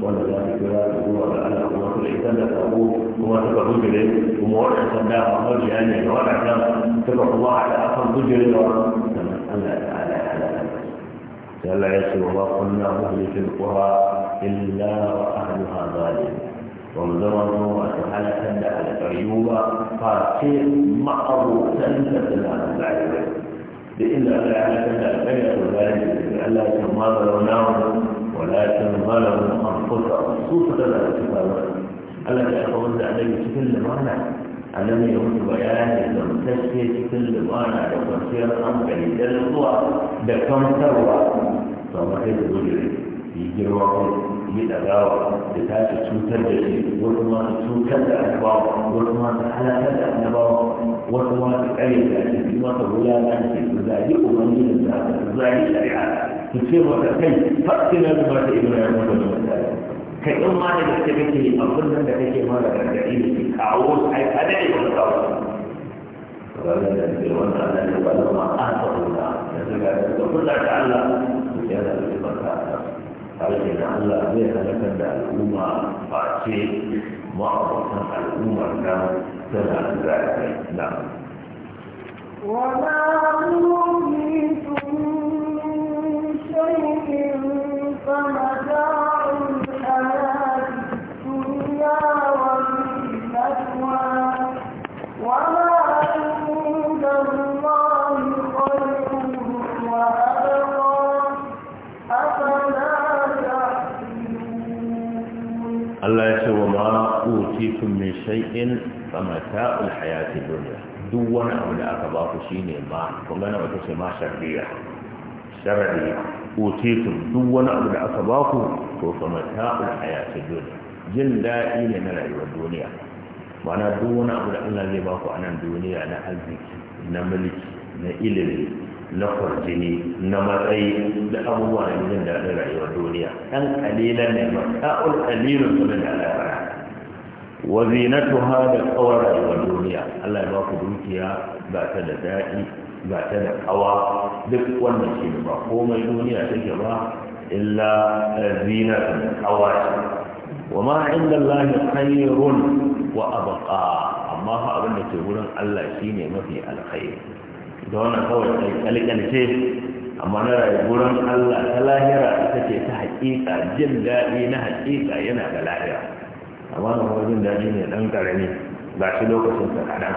wanda za su kira su zuwa ga Allah kuma su isa da sabo kuma suka bujire kuma waɗancan dama mabiya ne da waɗannan suka kuma haɗa akan bujire da waɗannan Allah ta'ala ya halaka Allah ya ce wa kunna muhlikil qura illa wa ahliha zalim wa mu zama mu masu halakar da alƙaryu ba fa ce ma'abotan da suna da zalimai da inda Allah ya halaka da alƙaya ko zai da ke Allah ya kama wani awon wala ta mala wani an su su da zara su faru Allah ya kama wanda a dai cikin limana a nan ya mutu da zamtacce cikin limana da kwanciyar amfani da zuwa da kamtarwa ba mai da gudunar girma kai yi ɗagawa da ta ce cutar da shi wani ma ta cutar da annabawa wani ma ta halakar da annabawa wani ma ta ƙare da shi shi ma ta wulaƙanci ta zagi ubangijin da ta zagi shari'a ta ce mata kai fatina da mata ibrahim wanda da mutane kai in ma da gaske kake abin nan da kake ma da gargaɗi da ke kawo ai ka daɗe ba kawo ranar da ke wani ana da wani ma'a ta kula da zaga da kula da Allah ya da ke ba ta harke Allah zai halakar da al'umma ba ce ma'auratan al'ummar nan tana da zafi na. Wala يأتيكم من شيء فمتاء الحياة الدنيا دوانا أو لا أكباط شيني ما كلنا وتسي ما شرية أوتيتم دوانا أو لا أكباط فمتاء الحياة الدنيا جل دائما لا الدنيا وأنا دوانا أو لا أنا دوني الدنيا أنا ألبك نملك نإلل نخرجني نمرأي لأبوان من دائما لا الدنيا أن قليلا نمتاء القليل من دائما wa zinatuha da kawar rayuwar duniya Allah ya ba ku dukiya ba ta da daɗi ba ta da kawa duk wanda shi ba komai duniya take ba illa zinatun kawa wa ma inda Allah khairun wa abqa amma fa abin da ke wurin Allah shine mafi alkhairi da wannan kawai alƙalƙalce amma na rayuwar Allah ta lahira take ce ta haƙiƙa jin daɗi na haƙiƙa yana da lahira amma na jin daji ne ɗan ƙarami ba shi lokacin sa kada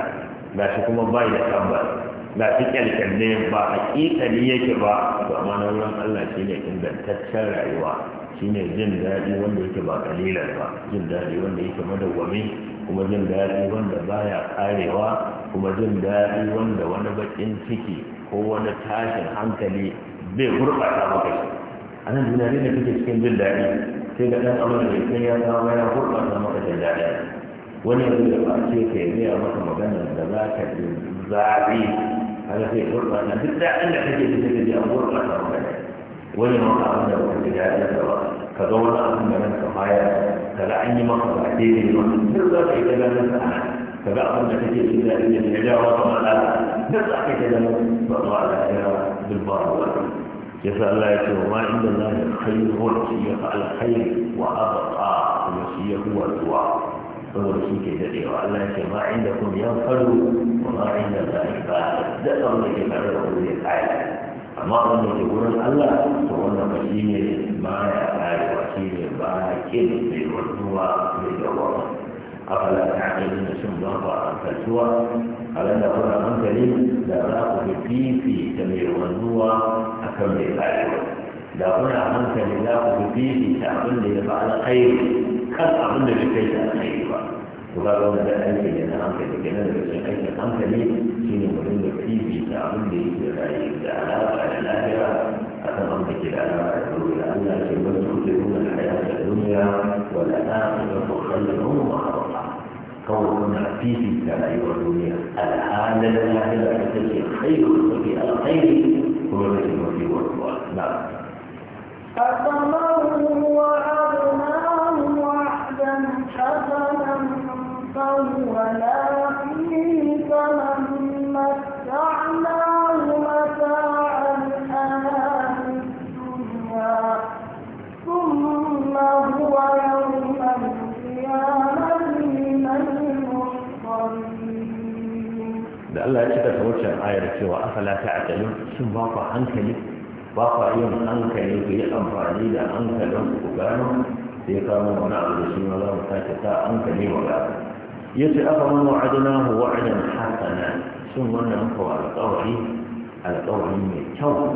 ba shi kuma bai da tabbas ba shi kyalkyalle ba hakikali yake ba to amma na wurin Allah shi ne ingantaccen rayuwa shi ne jin daɗi wanda yake ba kalilan ba jin daɗi wanda yake madawwami kuma jin daɗi wanda baya karewa kuma jin daɗi wanda wani baƙin ciki ko wani tashin hankali bai gurɓata maka shi a nan duniya ne da kake cikin jin daɗi sai da ɗan abin da bai kai ya dawo ya gurɓata maka da daɗi wani yanzu da ba ce ka yi gaya maka magana da za ka ji zaɓi har sai gurɓata duk daɗin da kake ji kake ji an gurɓata maka da wani maka abin da ba ka ji daɗin da ba ka ga wani abin da ranka baya ka ga an yi maka ba daidai ba duk za ka yi ta ganin sa ka ga abin da kake ji daɗin da ya jawo maka matsala duk za ka yi ta ganin ba zuwa da ya duk ba ruwa yasa Allah ya ce wa ma inda Allah ya khairun shi ya fa alkhair wa abqa kuma shi ya huwa duwa saboda shi ke dadewa Allah ya ce ma inda kun yan faru wa ma inda Allah ya ba da abin da ke tare da wani ya kaya amma wanda ke wurin Allah to wannan ba shi ne ba ya kare wa shi ne ba ke da bai wanzuwa bai da wani afala ta'alina shin ba ba an kaltuwa على أن أكون أمام كريم لا أراك في الدين في كمي ومنوى أكم لفعله لا أكون أمام كريم لا أراك في الدين في تعمل لي فعل خير كم أعمل لي في الخير وقال أنا لا أعلم أن أنا أمام كريم لأن أنا بس أعلم أن أمام كريم كين ومنوى في في تعمل لي في الخير لا أراك على الآخرة أكم أمك إلى الآخرة لأن الله كي يمتلك الحياة الدنيا والآخرة وخلقهم وحرمهم قول في كان ايها الدنيا الان لنا الى كتب الخير وفي الخير هو الذي يوفي والله نعم أتمره وأغناه وحدا كفلا فهو لا في ثمن ما wannan ayar cewa afala ta'qilun shin ba ku hankali ba ku yin hankali ku yi amfani da hankalin ku gano sai kamo wani abu da shi ma za mu sake ta hankali wa gano aka afa man wa'adnahu wa'dan hasana sun wannan ko alƙawari alƙawari mai kyau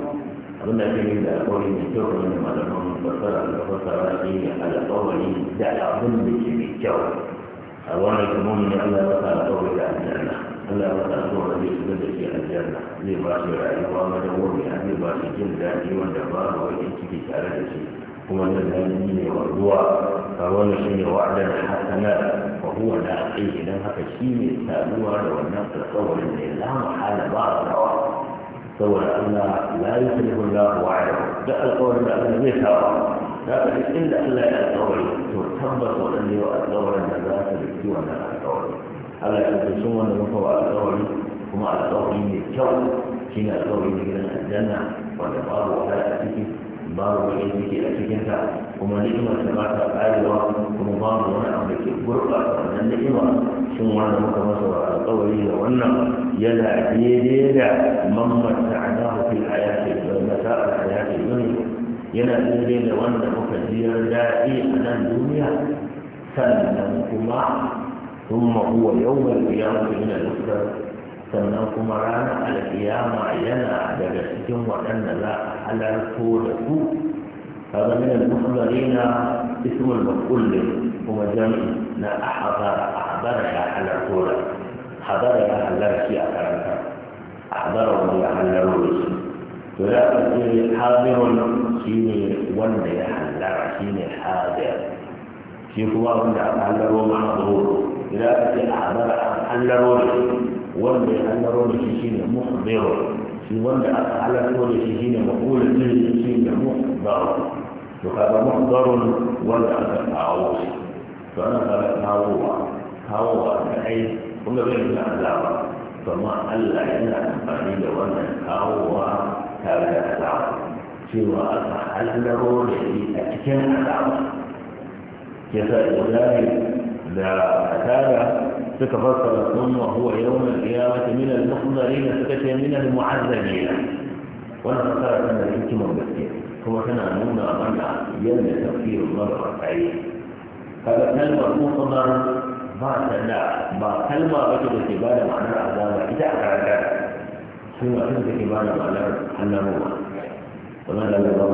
abin da ake yi da alƙawari mai kyau kamar da malaman basara da fasara ne alƙawari da abin da ke mai kyau a wannan kuma ne Allah ya sa alƙawari da aljanna Allah ya alƙawar zai shiga da shi aljanna zai ba shi rayuwa madawwamiya zai ba shi jin daɗi wanda babu wani ciki tare da shi kuma da dalili ne wa zuwa ga wannan shi ne wa'adan hasana wa huwa da aƙi idan haka shi ne saduwa da wannan alƙawarin ne la mahala ba a rawa saboda Allah la yukhlifu Allah wa'adahu da alƙawarin da Allah zai saba da inda Allah ya alƙawari to tabbata wannan ne wa alƙawarin da za ta rikki wannan alƙawarin على كتب سمى المفوى على الضوري هم على الضوري للجو كنا الضوري لكنا الجنة والبار وحلاء أتيك بار وحيدك أتيك أنت هم لكما سمعت أبعاد الله هم بار ونعم لك برقة ومن لكما سمى المفوى على الضوري لو أن يلا عديد من متعناه في الحياة ومساء الحياة الدنيا yana daidai da wanda muka ziyar daɗi a nan duniya ثم هو يوم القيامة من الأخرى سمناكم معانا على قيامة لنا على جسدكم وأن لا على طول هذا من المخبرين اسم المفعول هو جمع لا أحضر أحضر على طول حضر على الأشياء أحضر على الروس ولا حاضر شيني ولا حاضر شيخ واضح على الروس إذا أتي أعبر عن لروني وند عن لروني شيء محضر في وند على لروني شيء مقول شيء محضر وهذا محضر وند أتعوض فأنا خلقناه هو أي كل بين الأعلام فما ألا إلا أمفاني وأن هو هذا الأعلام سوى أن لروني أتكلم الأعلام جزاء الله da tada suka fassara sun wa huwa yawmal qiyamati min al-muhdharin suka ce min al-mu'azzabin wannan fassara tana da hikimar gaskiya kuma tana nuna mana yadda tafsirin mara tsaye kaga kalmar muhdhar ba ta da ba kalma ba da ke ba da ma'anar azaba ita a karanta sun wa sun ke ba da ma'anar annabawa ومن لم يضم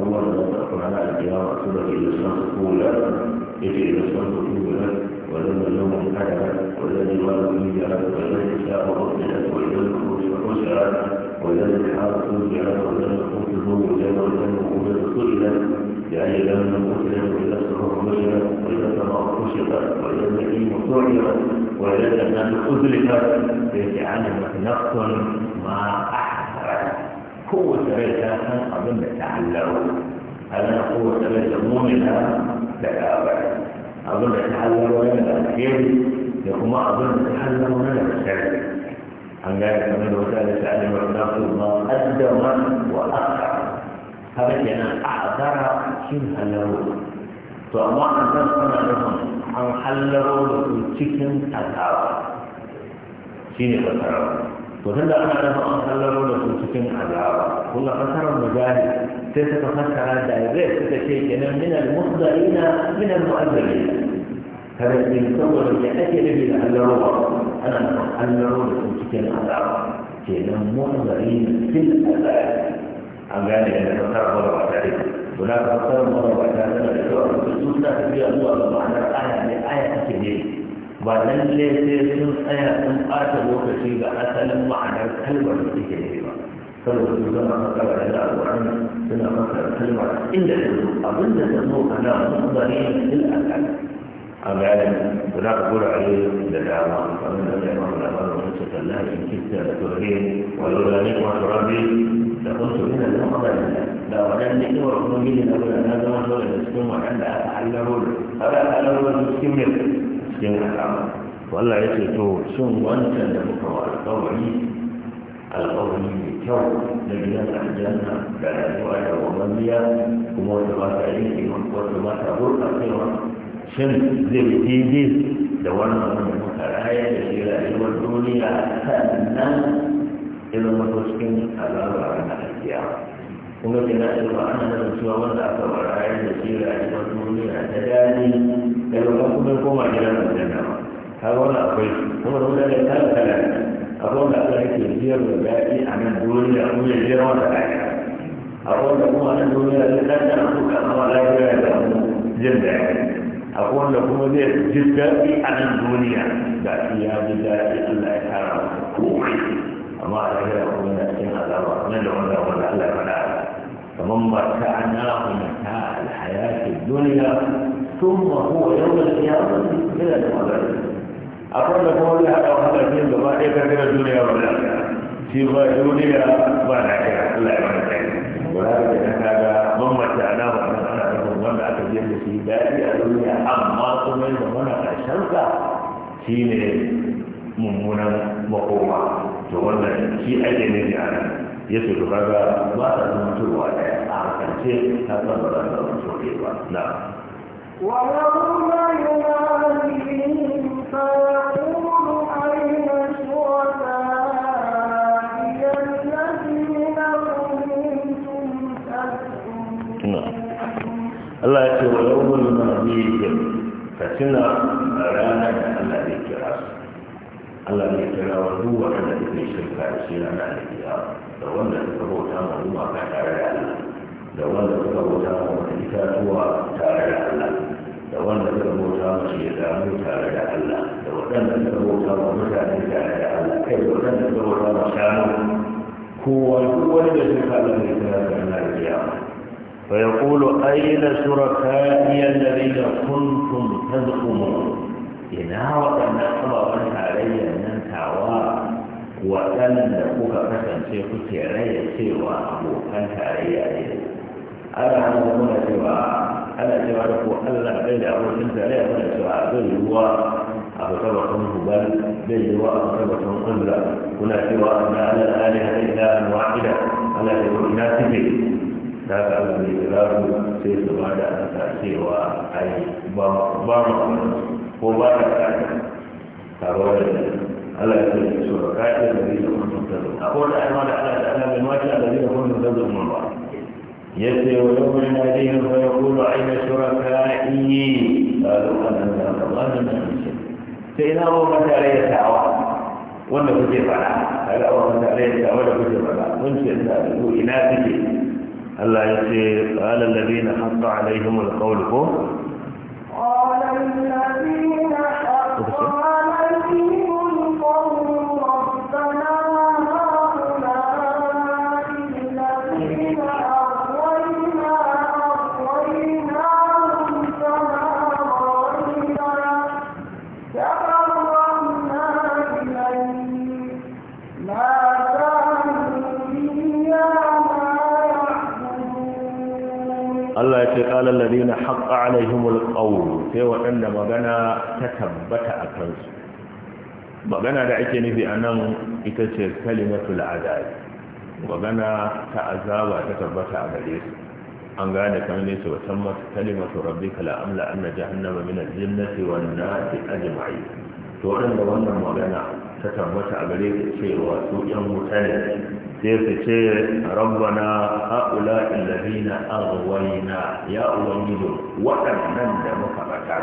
ومن لم المطلق على القيام أصبح إلى الشمس الأولى يجي إلى الشمس الأولى ولم اللوم انحدرت والذي ولد انجلت والذي الشاء أطلت والذي خرج خشعت والذي حاط في أنجلت والذي خرج زوجت والذي خرج صلت يعني لم أطلت وإذا السرور مشرت وإذا السماء خشقت وإذا النعيم سعرت وإذا الناس في فيجعلهم نقص مع أحد قوة بيتها كان أظن هل أنا قوة بيت مؤمنة تتابع أظن تعلموا لنا الخير يقوم أظن تعلموا لنا الشر عن ذلك من الوسائل تعلم الناس ما قدم وأخر هذا كان أعذر شبه له فأما أن تنقل لهم عن حلوا لكم تكن تتابع شنو تتابع to tun da ana dafa an kallaro da su cikin azaba kun ga fasarar mujahid sai suka fassara da zai suka ce kenan min al-musdalina min al-mu'azzalina kada ne saboda ya ake nufi da allarowa ana nufin allaro da su cikin azaba kenan munzarina fil azab an gane da fasarar wanda ba ta rike guda fasarar wanda ba ta rike da su suna tafiya zuwa ga ma'anar aya ne aya take ne ba lalle sai sun tsaya sun ɓata lokaci ga asalin ma'anar kalmar da suke nufi ba saboda su zama makarar da al'urani suna makarar kalmar inda ta zo abin da ta zo a nan sun zane ne sil al'ala a bayan da za ka gura ne da dama kamar da zai mamu labarin wani ce kalla in kista da turare walau da ne kuma turabi da kuntu ina da makarar da wadannan ni'imar kuma gini na gudanar zama dole da cikin waɗanda aka hallaro da aka hallaro da cikin mai cikin alama to Allah ya ce to shin wancan da muka wa alƙawari alƙawari mai kyau na gidan aljanna da rayuwa da wamaniya kuma wata ba ta yin kima wata ba ta gurɓacewa shin zai yi daidai da wannan wanda muka raya da shi rayuwar duniya sannan irin wato cikin azabar na alkiyama kuma kina cewa ana da cewa wanda aka barayar da shi rayuwar duniya ta dani هذا ولا أخوي هو الأولى لكان ثلاثة أقول لك أنك يجير وباقي عن الدنيا أقول يجير ولا حاجة أقول لكم أن الدنيا لكان أخوك أمر لا يجير جدا أقول لكم ليس جدا عن الدنيا باقي يا بداية الله يحرم أما أخير أقول لك إن الله ندعو له ولا ولا فمن متعناه متاع الحياة الدنيا ثم هو يوم القيامة إلى الأبد akwai da kuma zai haɗa wani lafiyar gaba ɗaya karkara duniya ba da shi ba duniya ba na kai Allah ya ta yi. ba za ka ta kaga mamman a ana ba ana ana nufin wanda aka biyar da shi daɗi a duniya amma kuma da mana sa. shi ne mummunan makoma to wannan shi ake nufi a nan ya ce to kaga ba ta zama turwa ɗaya a hakance ta san ba za ta zama turwa ba na ويوم يناديهم Allah ya ce wa yawon mazikin ka tuna a ranar da Allah ya kira su Allah ya kira wa duk waɗanda suke shirka da shi ranar da kira da wanda suka bauta ma ka tare da Allah da wanda suka bauta ma wata itatuwa tare da Allah da wanda suka bauta ma shi da tare da Allah da waɗanda suka bauta ma mutane tare da Allah kai da waɗanda suka bauta ma shanu kowa duk wanda suka Allah zai kira da Allah da kira فيقول أين شركائي الذين كنتم تزعمون إنا وأن أصابت علي أنت تعوى وأن أبوك فتن في قصي علي سوى أنت علي علي أنا أقول سوى أنا سوى لكو ألا بين أقول أنت لا أقول سوى بل هو أبو سبقهم هبل بل هو أبو سبقهم قبلة هنا سوى أن على الآلهة إلا واحدة على الإناث به da ka Allah mai kiraru sai su ba da ansa cewa ai ba ba ko ba da kada karo da Allah ya ce su ka da bi da wannan da akwai da ayyuka da Allah da Allah mai wata da bi da wannan da zuwa ba yace wa yawma yadayhi fa da ayna shuraka'i da anna Allahna sai ina mu mutare ya tawa wanda kuke fada kaga wannan da ya tawa da kuke fara. mun ce da ina kike الله يسير قال الذين حق عليهم القول فوق قال الذين حق عليهم ala alladhina haqqa alaihimul qawl sai waɗanda magana ta tabbata a kansu magana da ake nufi anan ita ce kalimatul azab magana ta azaba ta tabbata a gare su an gane kan ne su watan kalimatu rabbika la amla anna jahannama min al-jinnati wan nasi ajma'in to wannan magana ta tabbata a gare cewa su yan mutane sai su ce rabbana haula illazina aghwayna ya ubangiji waɗannan da muka bata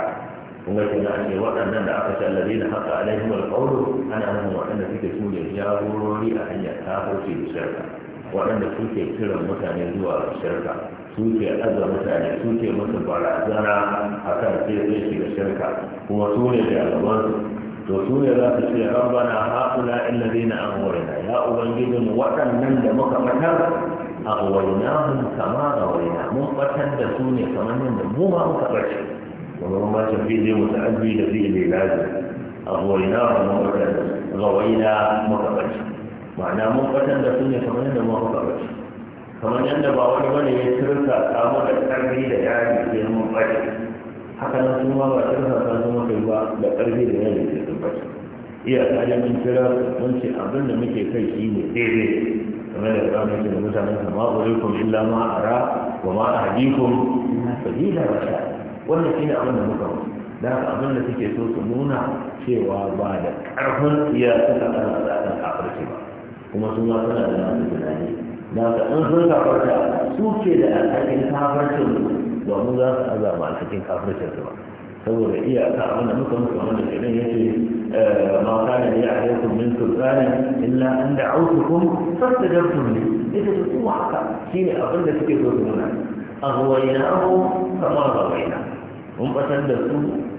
kun ga kuma ce waɗannan da aka na allazina haqa alaihim alqawlu ana nufin waɗanda suke su ne jagorori a hanyar kafirci da shirka waɗanda suke kiran mutane zuwa shirka suke aza mutane suke musu barazana akan sai sai shiga shirka kuma su ne da وسوري ربك ربنا هؤلاء الذين أغوينا يا أبنجد وتنن دمك مكان أغويناهم كما غوينا مقتن دسوني كمان دموما مكبرش ولو ما تبي دي متعبي أغويناهم مقتن غوينا مكبرش معنى مقتن دسوني كمان دموما مكبرش كمان دموما دموما مكبرش كمان دموما مكبرش دموما مكبرش haka nan su ma ba ƙarfa ta zama kai ba da ƙarfi da yanayi da sun bace iya tare mun kira mun ce abin da muke kai shi ne daidai game da tsamin ce da mutanen sama ulaikum illa ma ara wa ma ahdikum sabila rasha wannan shine abin da muka musu da abin da suke so su nuna cewa ba da ƙarfin iya suka ana tsakan kafirci ba kuma su ma suna da nasu tunani da ka in sun kafarta su ke da alhakin kafarcin ba mu za su azaba a cikin kafircin su ba saboda iyaka ta da muka muka wanda ke nan yake eh, ma kana ne a yau min sultani illa an da'awtukum fastajabtum li ita idan kuma haka shine abin da suke so su nuna kamar ba rawaina mun batar da su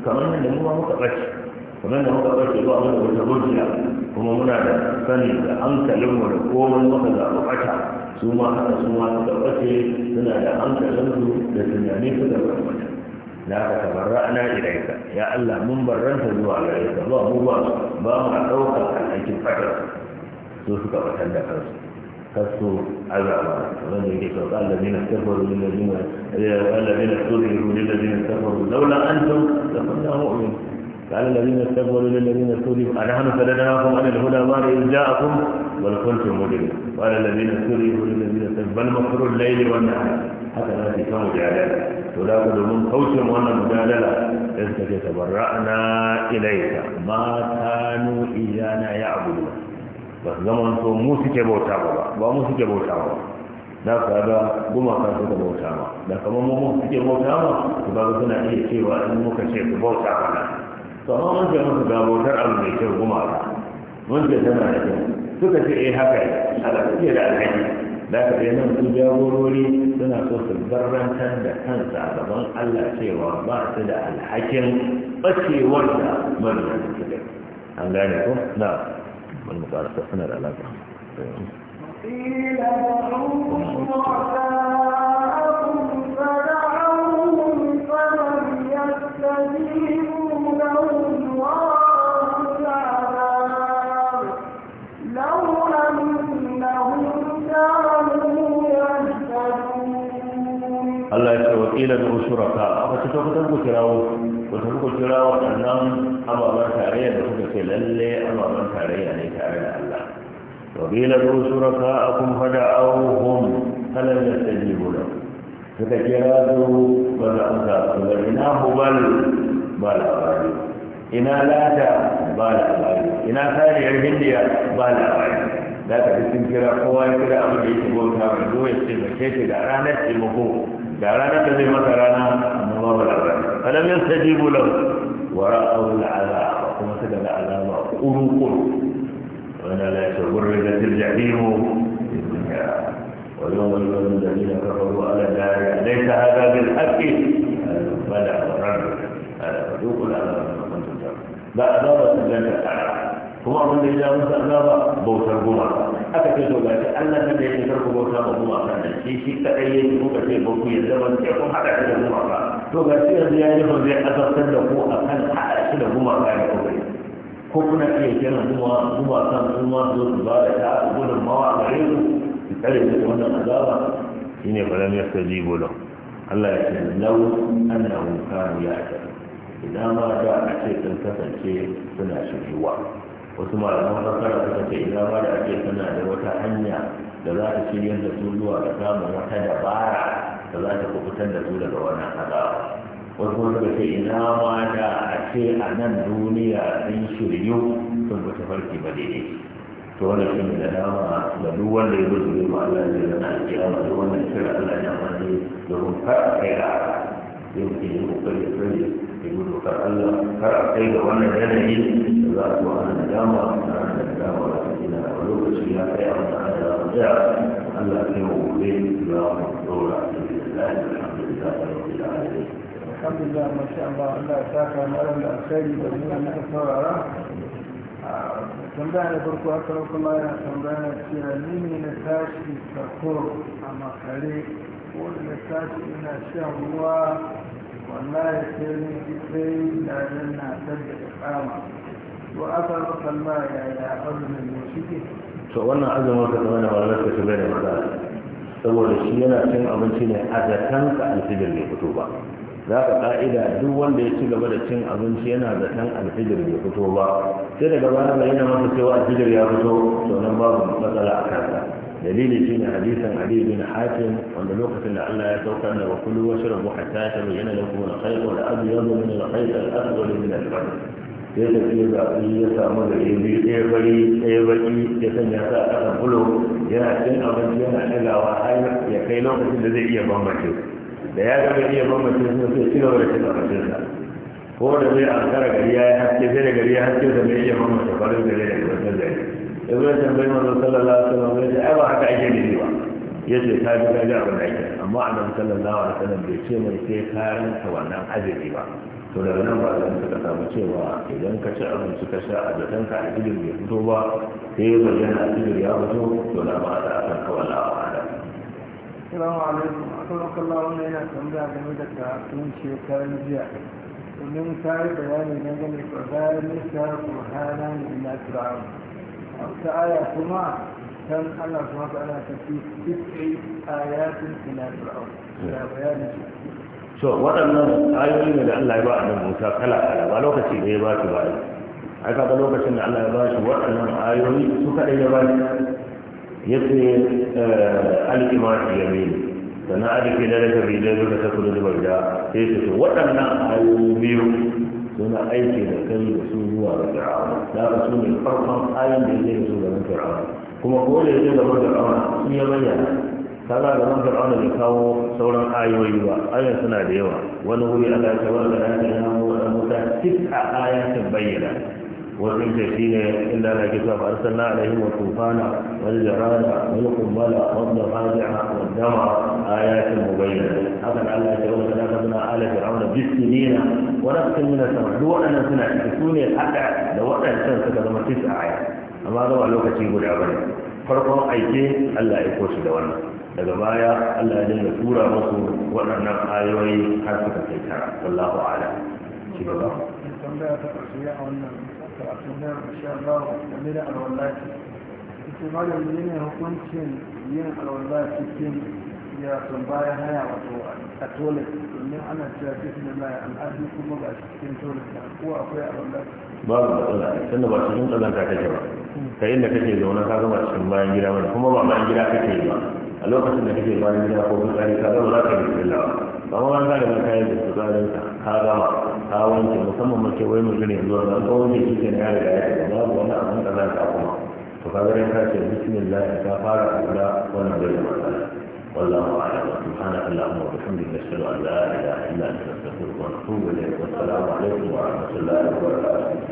kamar da mu ma muka bace kamar da muka ɗauke ba mu da wata hujja kuma muna da sani da hankalin hankalinmu da komai muka zaɓi ɓata su ma haka su ma suka ɓace suna da hankalinsu da tunani su suka ɓace da aka tabarra ana ilaika ya Allah mun barranta zuwa gare ka ba mu ba ba mu ɗauka alhakin fatar su suka ɓatar da kansu kasu azaba kamar da yake sauka allazina kafaru lillazina eh, allazina tuzihu lillazina kafaru laula antum la kunna mu'minin قال الذين استكبروا للذين استهزئوا أنحن صددناكم عن الهدى بعد إذ جاءكم بل كنتم مجرمين قال الذين استهزئوا للذين استكبروا بل مكر الليل والنهار حتى لا تكون مجادلة ولا من فوتهم وأن مجادلة إذ تبرأنا إليك ما كانوا إيانا يعبدون بس زمان سو مو سكي بوتا با مو سكي بوتا با da ka ga gumaka suka bauta ma da kamar mu suke bauta ma su ba suna iya cewa in muka ce su bauta mana to wanke masa gabotar abu mai kyau kuma mun wanke tana da kyau suka ce eh haka ne ala suke da alhaji da ka ɗaya nan su jagorori suna so su barrantar da kansa a gaban allah cewa ba su da alhakin ɓacewar da manyan su da an gane ko na wani mukarasa suna da alaƙa Allah ya ce wa ƙila da shuraka aka ce kuka ku kirawo wata kuka kira waɗannan ababen tarayya da suka ce lalle ababen tarayya ne tare da Allah wa ƙila da shuraka akum fada auhum kalan da ta ji gudu suka kira su ba za a sa su ga ina hubal ba labari ina lata ba labari ina kariyar hindiya ba labari za ka fi sun kira kowa ya kira abin da yake bauta ba zuwa ya ce mace ce da ranar taimako دعانا كذي مثلاً الله بالعذاب فلم يستجيبوا له ورأوا العذاب وما تجد العذاب أروق وأنا لا يشعر إذا ترجع فيه ويوم يوم الذين كفروا على داري ليس هذا بالحق بلى ورد هذا فذوق العذاب ما كنتم ترى لا أذابت الجنة أعلى ثم أظن إذا أنت أذاب بوسر قمر aka ce to gashi Allah nan da yake karku bauta ma kuma kan nan shi shi kadai yake kuka ce ba ku yanzu ban ce kun hada shi da kuma ba to gashi yanzu ya yi zai azabtar da ku akan hada shi da kuma kan da kuma ko kuna iya kiran kuma kuma kan kuma zo su ba da ta gudun mawa gare ku su kare su da wannan azaba shine falam yastajibu lahu Allah ya ce lau annahu kanu ya'tabu idan ma da a ce sun kasance suna shigewa wasu malaman masara suka ce ina ma da ake tana da wata hanya da za ta shirya da su zuwa ga samun wata dabara da za ta kubutar da su daga wannan azaba wasu kuma suka ce ina ma da a ce a nan duniya sun shiryu sun ta farki ba daidai to wannan shi ne da dama da duk wanda ya zuwa ne ma Allah na zana a da wannan shirya Allah ya mani domin kar a kai da yau ke yi kokari da sani ya gudu kar Allah kar a kai da wannan yanayi da za a zo ana nadama da nadama da ake na a lokaci ya kai a wata ana da raja Allah ya kai wa gobe mu dora a cikin da da alhamdulillah ma sha Allah Allah ya saka malam da alkhairi da muna na saurara tambaya da farko a karon kuma yana tambaya cewa ni ne na tashi sako a makare ko na tashi ina shan ruwa wallahi sai ni sai na nan na da kama وأثر الماء إلى أرض المشركين to wannan azumin ka zama da malamar ka shiga da maza saboda shi yana cin abinci ne a zaton ka alfijir bai fito ba za ka ka'ida duk wanda ya ci gaba da cin abinci yana zaton alfijir bai fito ba sai daga baya bai yana masa cewa alfijir ya fito to nan babu matsala a kansa dalili shi ne hadisan ali bin hatim wanda lokacin da Allah ya saukar da wa kullu washrabu hatta tabayyana lakum al-khayt al-abyad min al-khayt al-aswad min al-fajr ya tafi ya zaɓi ya samu da ya biyu ɗaya fari ɗaya baki ya sanya sa a ƙasan kulo yana cin abinci yana ɗagawa har ya kai lokacin da zai iya bambance da ya gama iya bambance sun sai ci gaba da cin abincinsa ko da zai an kara gari ya yi haske sai da gari ya haske da mai iya bambance farin da gari da ƙasar gari ya zai tambayi manzo sallallahu alaihi wasallam ya ce ai ba haka ake nufi ba ya ce ta ji ta ji abin da ake amma annabi sallallahu alaihi wasallam bai ce mai sai karanta wannan azumi ba to daga nan ba zan suka samu cewa idan ka ci abinci ka sha a zaton ka gidan bai fito ba sai ya yana gidan ya fito to na ba da. akan kawala a wada. Salamu alaikum, akwai kalla wannan yana tambaya game da karatun shekarun jiya. Domin ta yi bayani na gane ƙwararren nisa ƙwararra ne ina turawa. A wata aya kuma كان الله سبحانه وتعالى في تسع ina إلى ya bayani ce. to waɗannan ayoyi ne da Allah ya ba annabi Musa kala kala ba lokaci da ya ba shi ba ai kaga lokacin da Allah ya ba shi waɗannan ayoyi su kada ya ba shi yace eh, al-imani yamin sana adike da raka bi da raka ta kullu da sai ce to waɗannan ayoyi biyu suna aiki da kai da su zuwa ga Fir'auna da ka su ne farkon ayoyin da ya da su ga Fir'auna kuma ko da yake da Fir'auna sun ya bayyana kaga gaban fir'auna bai kawo sauran ayoyi ba ayoyin suna da yawa wani wuri Allah ya wanda ya ce ya mu da a tikka ayatin bayyana wannan ce shine inda Allah ke cewa arsalna alaihim wa tufana wal jarada kumbala qumbala wal dhafa'a wal dama ayatin mubayyana haka Allah ya ce wanda na kana ala fir'auna bisinina nina wani min as-sama duk wadannan suna cikin sune haɗa da wadannan suka zama a aya amma ga lokaci guda bane farkon aike Allah ya koshi da wannan daga baya Allah ya dinga tura musu waɗannan ayoyi har suka kai tara wallahu ala shi gaba tambaya ta a wannan da da ne hukuncin yin alwallahi cikin ya san bayan haya wato a toilet domin ana cewa cikin da mai al'adu kuma ga cikin toilet ko akwai alwallahi babu matsala tunda ba cikin kazanta kake ba ka inda kake zaune ka zama cikin bayan gida wani kuma ba bayan gida kake ba a lokacin da kake bayan gida ko kuma ka zama za ka yi fitila ba amma an zaga ka yi da su ka ka gama ka wanke musamman mace wai mutum ne zuwa nan ko wanke shi ke na yare da yake babu wani abin kazanta kuma to ka zare ka ce bismillah ka fara kula wannan bai da matsala والله اعلم سبحانك اللهم وبحمدك نشهد ان لا اله الا انت نستغفرك ونتوب اليك والسلام عليكم ورحمه الله وبركاته